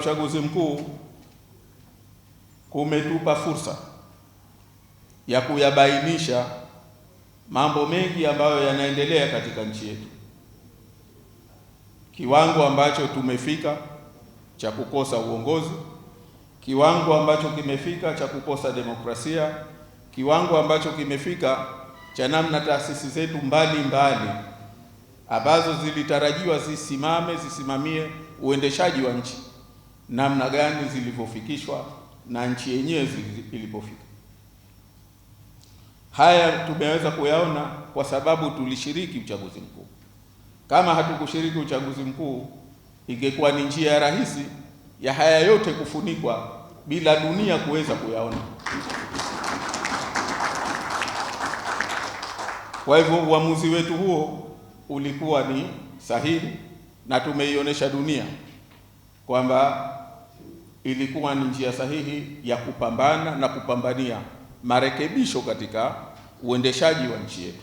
Uchaguzi mkuu kumetupa fursa ya kuyabainisha mambo mengi ambayo yanaendelea katika nchi yetu, kiwango ambacho tumefika cha kukosa uongozi, kiwango ambacho kimefika cha kukosa demokrasia, kiwango ambacho kimefika cha namna taasisi zetu mbalimbali ambazo zilitarajiwa zisimame zisimamie uendeshaji wa nchi namna gani zilivyofikishwa na nchi yenyewe ilipofika. Haya tumeweza kuyaona kwa sababu tulishiriki uchaguzi mkuu. Kama hatukushiriki uchaguzi mkuu, ingekuwa ni njia ya rahisi ya haya yote kufunikwa bila dunia kuweza kuyaona. Kwa hivyo uamuzi wetu huo ulikuwa ni sahihi na tumeionyesha dunia kwamba ilikuwa ni njia sahihi ya kupambana na kupambania marekebisho katika uendeshaji wa nchi yetu.